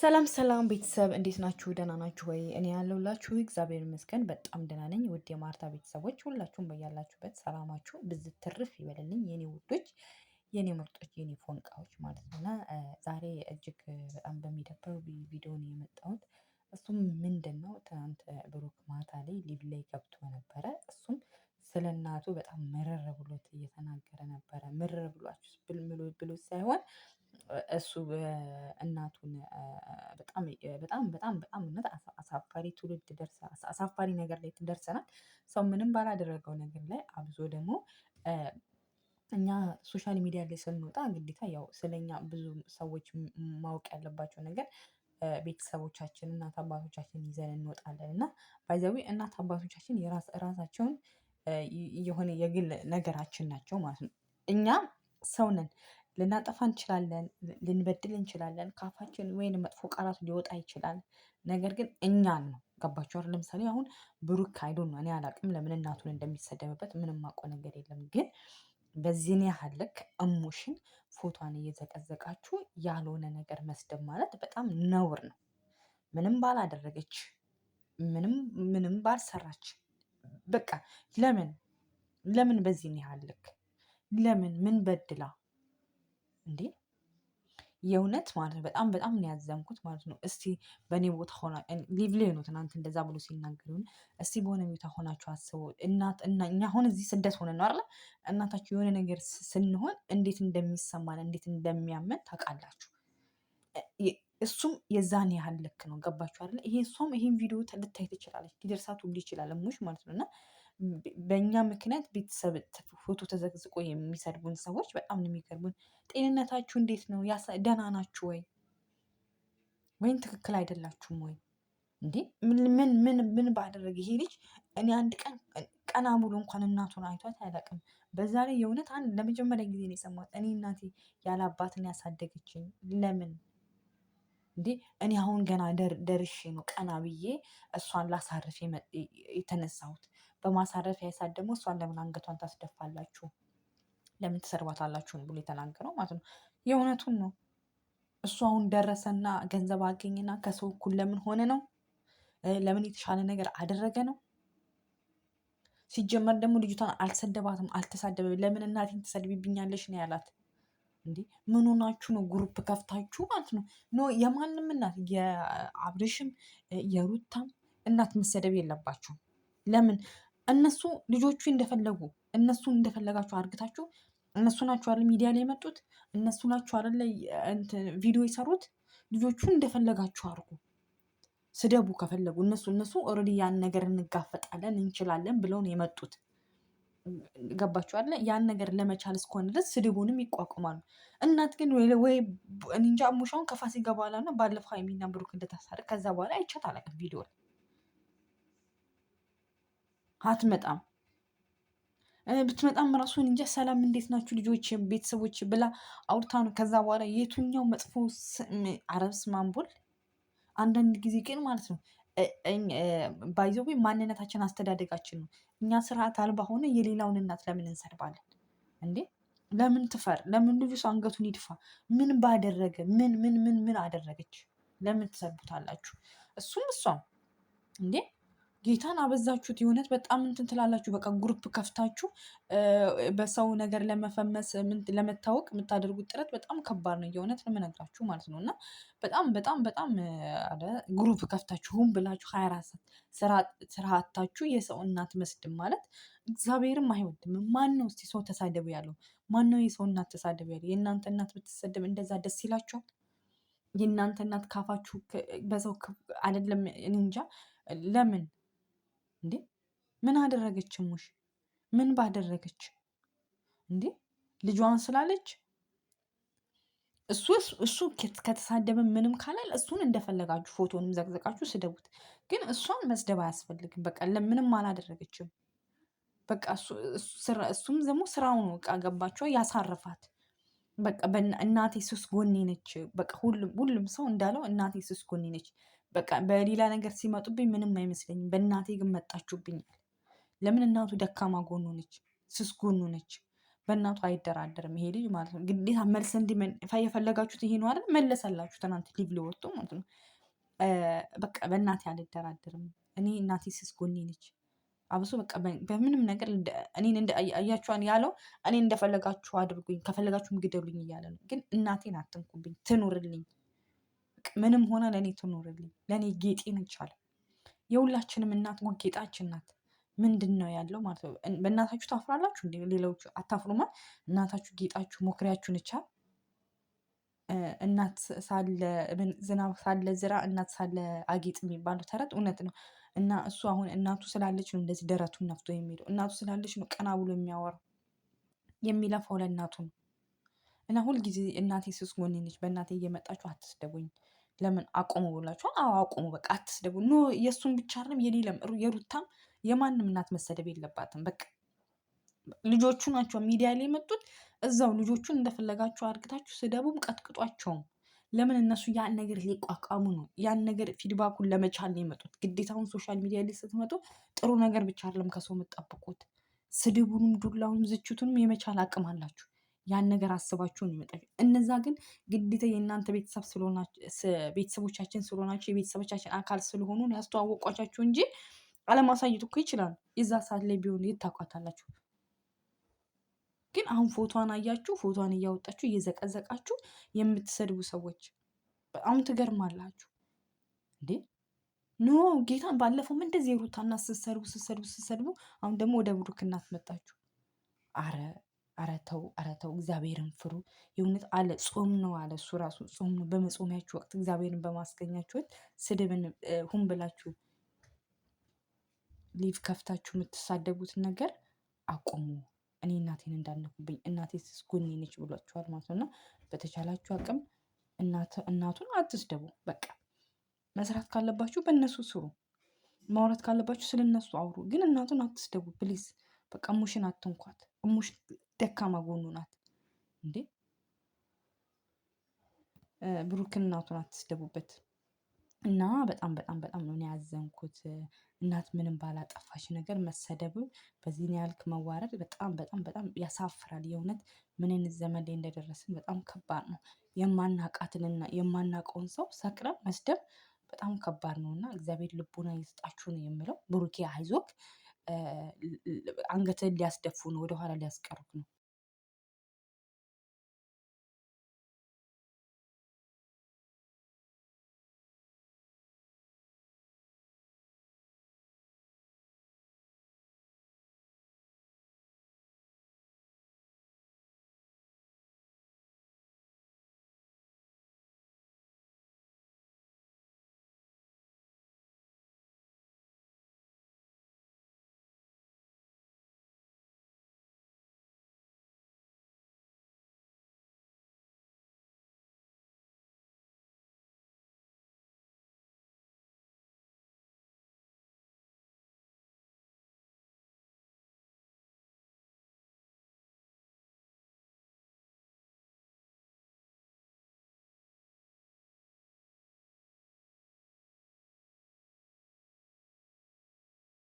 ሰላም ሰላም ቤተሰብ እንዴት ናችሁ? ደህና ናችሁ ወይ? እኔ ያለሁላችሁ እግዚአብሔር ይመስገን በጣም ደህና ነኝ። ውድ የማርታ ቤተሰቦች ሁላችሁም በያላችሁበት ሰላማችሁ ብዝ ትርፍ ይበልልኝ። የኔ ውዶች፣ የኔ ምርጦች፣ የኔ ፎንቃዎች ማለት ነውና ዛሬ እጅግ በጣም በሚደብረው ቪዲዮ ነው የመጣሁት። እሱም ምንድን ነው ትናንት ብሩክ ማታ ላይ ሊቭ ላይ ገብቶ ነበረ። እሱም ስለ እናቱ በጣም ምርር ብሎት እየተናገረ ነበረ። ምርር ብሎ ብሎት ሳይሆን እሱ እና አሳፋሪ ትውልድ ደርሰናል። አሳፋሪ ነገር ላይ ደርሰናል። ሰው ምንም ባላደረገው ነገር ላይ አብዞ ደግሞ እኛ ሶሻል ሚዲያ ላይ ስንወጣ ግዴታ ያው ስለኛ ብዙ ሰዎች ማወቅ ያለባቸው ነገር ቤተሰቦቻችን እናት አባቶቻችን ይዘን እንወጣለን እና ባይዘዊ እናት አባቶቻችን የራሳቸውን የሆነ የግል ነገራችን ናቸው ማለት ነው። እኛ ሰው ነን። ልናጠፋ እንችላለን ልንበድል እንችላለን ካፋችን ወይን መጥፎ ቃላት ሊወጣ ይችላል። ነገር ግን እኛን ነው ገባችሁ ለምሳሌ አሁን ብሩክ አይ ዶንት እኔ ለምን እናቱን እንደሚሰደብበት ምንም የማውቀው ነገር የለም። ግን በዚህን ያህል ልክ እሙሽን ፎቷን እየዘቀዘቃችሁ ያልሆነ ነገር መስደብ ማለት በጣም ነውር ነው። ምንም ባላደረገች ምንም ምንም ባልሰራች በቃ ለምን ለምን በዚህን ያህል ልክ ለምን ምን በድላ እንዴ የእውነት ማለት ነው። በጣም በጣም ነው ያዘንኩት ማለት ነው። እስቲ በእኔ ቦታ ሆና ሊቭሌ ነው ትናንት እንደዛ ብሎ ሲናገሩ እስቲ በሆነ ቦታ ሆናችሁ አስቡ። እናት እና እኛ አሁን እዚህ ስደት ሆነ ነው አለ እናታችሁ የሆነ ነገር ስንሆን እንዴት እንደሚሰማን እንዴት እንደሚያመን ታውቃላችሁ። እሱም የዛን ያህል ልክ ነው። ገባችሁ አይደለ? ይሄ እሷም ይሄን ቪዲዮ ልታይ ትችላለች፣ ሊደርሳት ሁሉ ይችላል ሙሽ ማለት ነው እና በእኛ ምክንያት ቤተሰብ ፎቶ ተዘግዝቆ የሚሰድቡን ሰዎች በጣም ነው የሚገርሙን። ጤንነታችሁ እንዴት ነው? ደህና ናችሁ ወይ? ወይም ትክክል አይደላችሁም ወይ? እንዴ ምን ምን ምን ባደረገ ይሄ ልጅ? እኔ አንድ ቀን ቀና ብሎ እንኳን እናቱን አይቷት አያውቅም። በዛ ላይ የእውነት አንድ ለመጀመሪያ ጊዜ ነው የሰማሁት። እኔ እናቴ ያለ አባት ያሳደገችኝ። ለምን? እንዴ እኔ አሁን ገና ደርሼ ነው ቀና ብዬ እሷን ላሳርፍ የተነሳሁት በማሳረፊያ ሰዓት ደግሞ እሷን ለምን አንገቷን ታስደፋላችሁ? ለምን ትሰርባታላችሁን ብሎ የተናገረው ማለት ነው። የእውነቱን ነው። እሱ አሁን ደረሰና ገንዘብ አገኘና ከሰው እኩል ለምን ሆነ ነው? ለምን የተሻለ ነገር አደረገ ነው? ሲጀመር ደግሞ ልጅቷን አልሰደባትም፣ አልተሳደበም። ለምን እናቴን ትሰድቢብኛለሽ ነው ያላት። እንዴ ምን ሆናችሁ ነው ግሩፕ ከፍታችሁ ማለት ነው? ኖ የማንም እናት የአብርሽም የሩታም እናት መሰደብ የለባችሁም። ለምን እነሱ ልጆቹ እንደፈለጉ እነሱ እንደፈለጋችሁ አርግታችሁ እነሱ ናቸው አይደል ሚዲያ ላይ የመጡት እነሱ ናቸው አይደል ቪዲዮ የሰሩት ልጆቹ እንደፈለጋችሁ አርጉ ስደቡ ከፈለጉ እነሱ እነሱ ኦልሬዲ ያን ነገር እንጋፈጣለን እንችላለን ብለው ነው የመጡት ገባችሁ አይደል ያን ነገር ለመቻል እስከሆነ ድረስ ስድቡንም ይቋቁማሉ እናት ግን ወይ እንጃ ሙሻውን ከፋሲካ በኋላ ነው ባለፈው ሀይሚና ብሩክ እንደታሰረ ከዛ በኋላ አይቻት አላውቅም ቪዲዮ ላይ አትመጣም ብትመጣም ራሱን እንጃ ሰላም እንዴት ናችሁ ልጆች ቤተሰቦች ብላ አውርታ ነው። ከዛ በኋላ የቱኛው መጥፎ አረብስ ማንቦል አንዳንድ ጊዜ ግን ማለት ነው ባይዘዌ ማንነታችን አስተዳደጋችን ነው። እኛ ስርዓት አልባ ሆነ የሌላውን እናት ለምን እንሰርባለን እንዴ? ለምን ትፈር? ለምን ልጁስ አንገቱን ይድፋ? ምን ባደረገ? ምን ምን ምን ምን አደረገች? ለምን ትሰርቡታላችሁ? እሱም እሷም እንዴ ጌታን አበዛችሁት። የእውነት በጣም እንትን ትላላችሁ። በቃ ግሩፕ ከፍታችሁ በሰው ነገር ለመፈመስ ለመታወቅ የምታደርጉት ጥረት በጣም ከባድ ነው። የእውነት ለመነግራችሁ ማለት ነው። እና በጣም በጣም በጣም ግሩፕ ከፍታችሁም ብላችሁ ሀያ አራት ስራ አታችሁ የሰው እናት መስድም ማለት እግዚአብሔርም አይወድም። ማን ነው እስቲ ሰው ተሳደቡ ያለው? ማን ነው የሰው እናት ተሳደቡ ያለው? የእናንተ እናት ብትሰደብ እንደዛ ደስ ይላችኋል? የእናንተ እናት ካፋችሁ በሰው አይደለም እንጃ ለምን እንዴ ምን አደረገች ሙሽ ምን ባደረገች እንዴ? ልጇን ስላለች እሱ እሱ ከተሳደበ ምንም ካላል እሱን እንደፈለጋችሁ ፎቶንም ዘቅዘቃችሁ ስደቡት። ግን እሷን መስደብ አያስፈልግም። በቃ ለምንም አላደረገችም። በቃ እሱም ደግሞ ስራው ነው። በቃ ገባችኋ? ያሳርፋት። በቃ እናቴ ሱስ ጎኔ ነች። በቃ ሁሉም ሰው እንዳለው እናቴ ሱስ ጎኔ ነች። በቃ በሌላ ነገር ሲመጡብኝ ምንም አይመስለኝም። በእናቴ ግን መጣችሁብኛል። ለምን እናቱ ደካማ ጎኑ ነች፣ ስስ ጎኑ ነች። በእናቱ አይደራደርም ይሄ ልጅ ማለት ነው። ግዴታ መልስ እንዲመፋ የፈለጋችሁት ይሄ ነው አይደል? መለሰላችሁ። ትናንት ሊቭ ሊወጡ ማለት ነው። በቃ በእናቴ አልደራደርም። እኔ እናቴ ስስ ጎኔ ነች። አብሶ በቃ በምንም ነገር እኔን እያችኋን ያለው እኔን እንደፈለጋችሁ አድርጉኝ፣ ከፈለጋችሁም ግደሉኝ እያለ ነው። ግን እናቴን አትንኩብኝ፣ ትኑርልኝ ምንም ሆነ ለእኔ ትኖርልኝ፣ ለእኔ ጌጤ ነች አለ። የሁላችንም እናት ጌጣችን ናት። ምንድን ነው ያለው ማለት ነው። በእናታችሁ ታፍራላችሁ እንዴ? ሌሎቹ አታፍሩማ። እናታችሁ ጌጣችሁ ሞክሪያችሁን ይቻል እናት ሳለ ዝናብ ሳለ ዝራ እናት ሳለ አጌጥ የሚባለው ተረት እውነት ነው። እና እሱ አሁን እናቱ ስላለች ነው እንደዚህ ደረቱን ነፍቶ የሚለው እናቱ ስላለች ነው ቀና ብሎ የሚያወራው የሚለፋው ለእናቱ ነው። እና ሁልጊዜ እናቴ ስስ ጎኔ ነች፣ በእናቴ እየመጣችሁ አትስደቡኝ። ለምን አቆሙ ብላችኋል? አዎ አቆሙ፣ በቃ አትስደቡ። ኖ የእሱን ብቻ አይደለም የሌለም የሩታም የማንም እናት መሰደብ የለባትም። በቃ ልጆቹ ናቸው ሚዲያ ላይ የመጡት። እዛው ልጆቹን እንደፈለጋችሁ አድርግታችሁ ስደቡም ቀጥቅጧቸውም። ለምን እነሱ ያን ነገር ሊቋቋሙ ነው፣ ያን ነገር ፊድባኩን ለመቻል ነው የመጡት። ግዴታውን ሶሻል ሚዲያ ላይ ስትመጡ ጥሩ ነገር ብቻ አይደለም ከሰው የምጠብቁት፣ ስድቡንም ዱላውንም ዝችቱንም የመቻል አቅም አላችሁ። ያን ነገር አስባችሁ ነው ይመጣል። እነዛ ግን ግዴታ የእናንተ ቤተሰብ ቤተሰቦቻችን ስለሆናችሁ የቤተሰቦቻችን አካል ስለሆኑ ያስተዋወቋቻችሁ እንጂ አለማሳየት እኮ ይችላሉ። የዛ ሰዓት ላይ ቢሆን ይታውቃታላችሁ። ግን አሁን ፎቷን አያችሁ፣ ፎቷን እያወጣችሁ እየዘቀዘቃችሁ የምትሰድቡ ሰዎች በጣም ትገርማላችሁ እንዴ! ኖ ጌታን ባለፈውም እንደዚህ የሩታ እናት ስትሰድቡ ስትሰድቡ ስትሰድቡ፣ አሁን ደግሞ ወደ ብሩክ እናት መጣችሁ። አረ አረተው አረተው እግዚአብሔርን ፍሩ። የእውነት አለ ጾም ነው አለ እሱ ራሱ ጾም ነው። በመጾሚያችሁ ወቅት እግዚአብሔርን ወቅት ስድብን ሁን ብላችሁ ሊቭ ከፍታችሁ የምትሳደቡትን ነገር አቁሙ። እኔ እናቴን እንዳነኩብኝ እናቴ ጎኔ ነች ብሏችኋል ማለት ነው። እና በተቻላችሁ አቅም እናቱን አትስደቡ። በቃ መስራት ካለባችሁ በእነሱ ስሩ። ማውራት ካለባችሁ ስለነሱ አውሩ። ግን እናቱን አትስደቡ ፕሊዝ። በቃ እሙሽን አትንኳት። እሙሽ ደካማ ጎኑ ናት እንዴ። ብሩክን እናቱ ናት ትስደቡበት እና በጣም በጣም በጣም ነው ያዘንኩት። እናት ምንም ባላጠፋች ነገር መሰደብ በዚህን ያልክ መዋረድ በጣም በጣም በጣም ያሳፍራል። የእውነት ምንን ዘመን ላይ እንደደረስን በጣም ከባድ ነው። የማናቃትንና የማናቀውን ሰው ሰቅረን መስደብ በጣም ከባድ ነው እና እግዚአብሔር ልቦና ይስጣችሁ ነው የምለው። ብሩኬ አይዞክ አንገትህን ሊያስደፉ ነው፣ ወደኋላ ሊያስቀሩት ነው።